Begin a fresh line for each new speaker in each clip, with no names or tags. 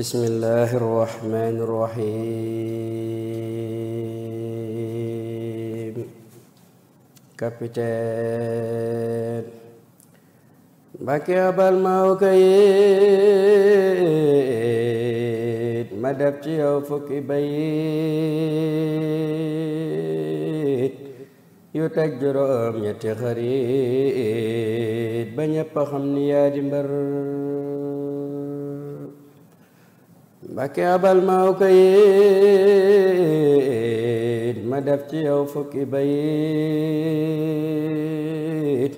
بسم الله الرحمن الرحيم كابتن abal ma ko ma def ci yow fukki bayit yu teg juróom ñetti xarit ba ñëpp xam ni yaa di mbër Mbàkke abal ma kayit ma def ci yow fukki bayit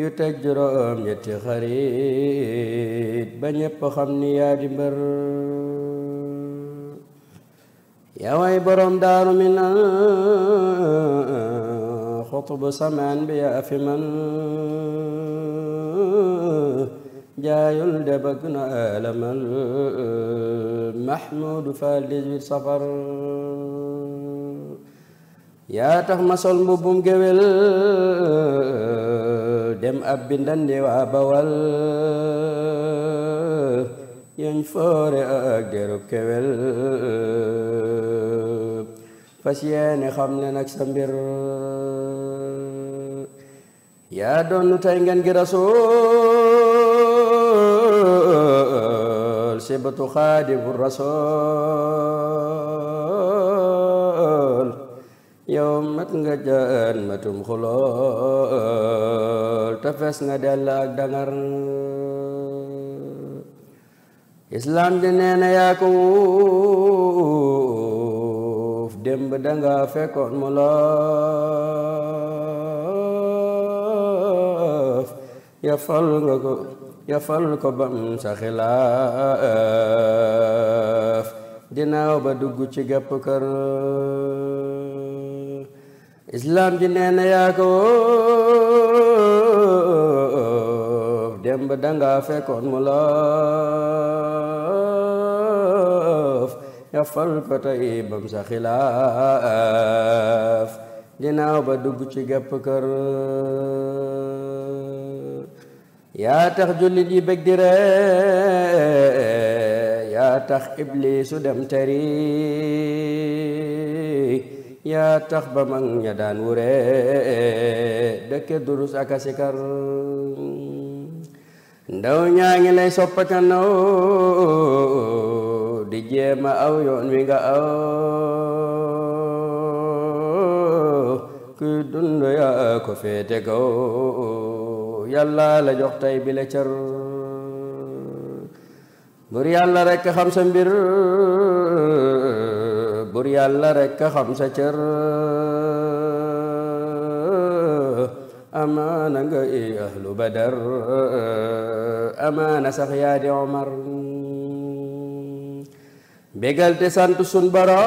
yu teg juróom ñetti xarit ba ñépp xam ni yaa di mbër yaway borom daaru mi na xutbu samaan bi yaa fi man jaayul de bëgg na alamal mahmudu fall 18 safar yaa tax ma sol mbubbum géwél dem ab bindandi waa bawal yoñ foore ak derub kewel fas yéene xam ne nag sa mbir yaa doon nu tey ngeen gi rasul الرسول شبت خادم الرسول يوم تنجان ما تمخلول تفس ندلك دنر islam di nee na yaa ko wuuf démb danga fekkoon mu loof nga ko yofal ko bam sa xilaaf dinaaw ba dugg ci gépp kër islaam ji nee yaa ko démb danga fekkoon mu loof ko tey bam sa xilaaf dinaaw ba dugg ci gépp kër yaa tax jullit yi bég di ree yaa tax ibliisu dem teri yaa tax ba mag ña daan wuree dëkke durus ak ndaw ñaa ngi lay soppakanaw di jéema aw yoon wi nga aw kuy dund yaa ko féete kaw yàlla la jox tey bi la cër bur yàlla rekk xam sa mbir bur yàlla rekk xam sa cër amaana nga i ahlu badar amaana sax yaa di omar bégal sant sun borom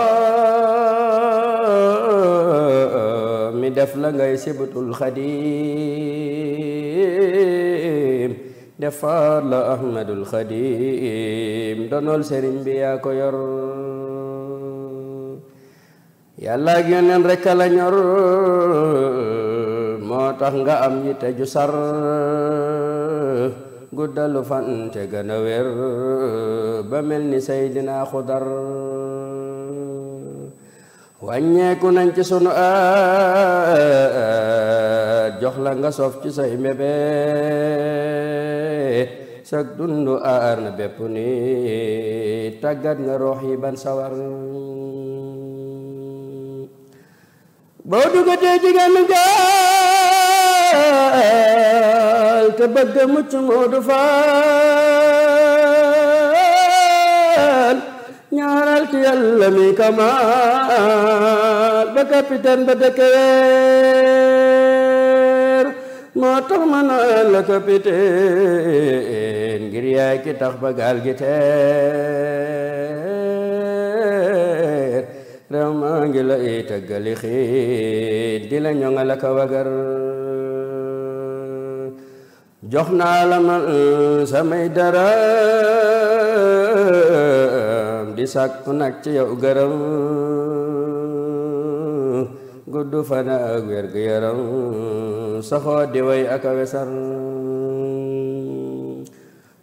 mi def la ngay sibatul xadim xadim defar la ahmadul xadim donol sëriñ bi yaa ko yor yàlla ak yoneen rekk la ñor moo tax nga am yitte ju sar guddalu fan te gën a wér ba mel ni Seydina Xudar wàññeeku nañ ci sunu a jox la nga sof ci say mébé sag dundu aar na bépp ni tàggat nga roox yi ban sawar boo dugatee jigéen gaal te bëgg mucc moo du faal ñaaral ci yàlla mi kamaal ba capitaine ba dëkkee moo tax ma naan la capitaine ngir yaay ki tax ba gaal gi teer réew maa ngi la i tëggali xiit di la ñoŋal ak wagar jox naa la man samay dara di sàkku nag ci yow gërëm gudd fan ak wér yaram saxoo di way ak a wesar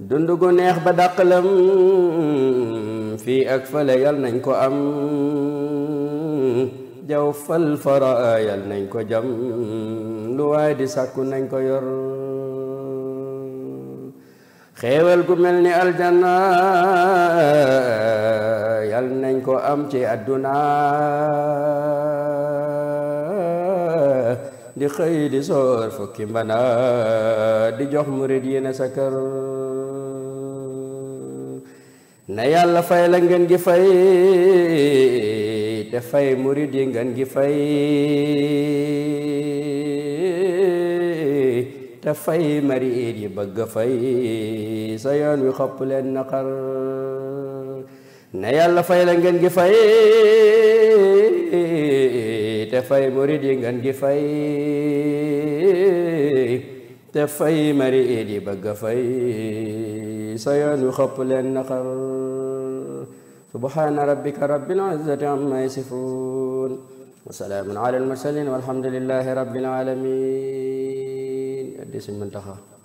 dund gu neex ba dàqalam fii ak fële yal nañ ko am jaw fal faraa yal nañ ko jam lu waay di sàkku nañ ko yor xéewal gu mel ni aljanna yal nañ ko am ci àdduna di xëy di soor fukki mbana di jox murid yi ne sa kër na yàlla fay la ngeen gi fay te fay murid yi ngeen gi fay te fay mariid yi bëgg fay sa yoon wi xopp leen naqar na yàlla fay la ngeen gi fay te fay murid yi ngan gi fay te fay mari it yi bëgg fay sa yoon wi xëpp leen naqar subhaana rabbika rabbil izzati amma yasifun wa salaamun ala al mursalin walhamdulillahi rabbil alamin addi si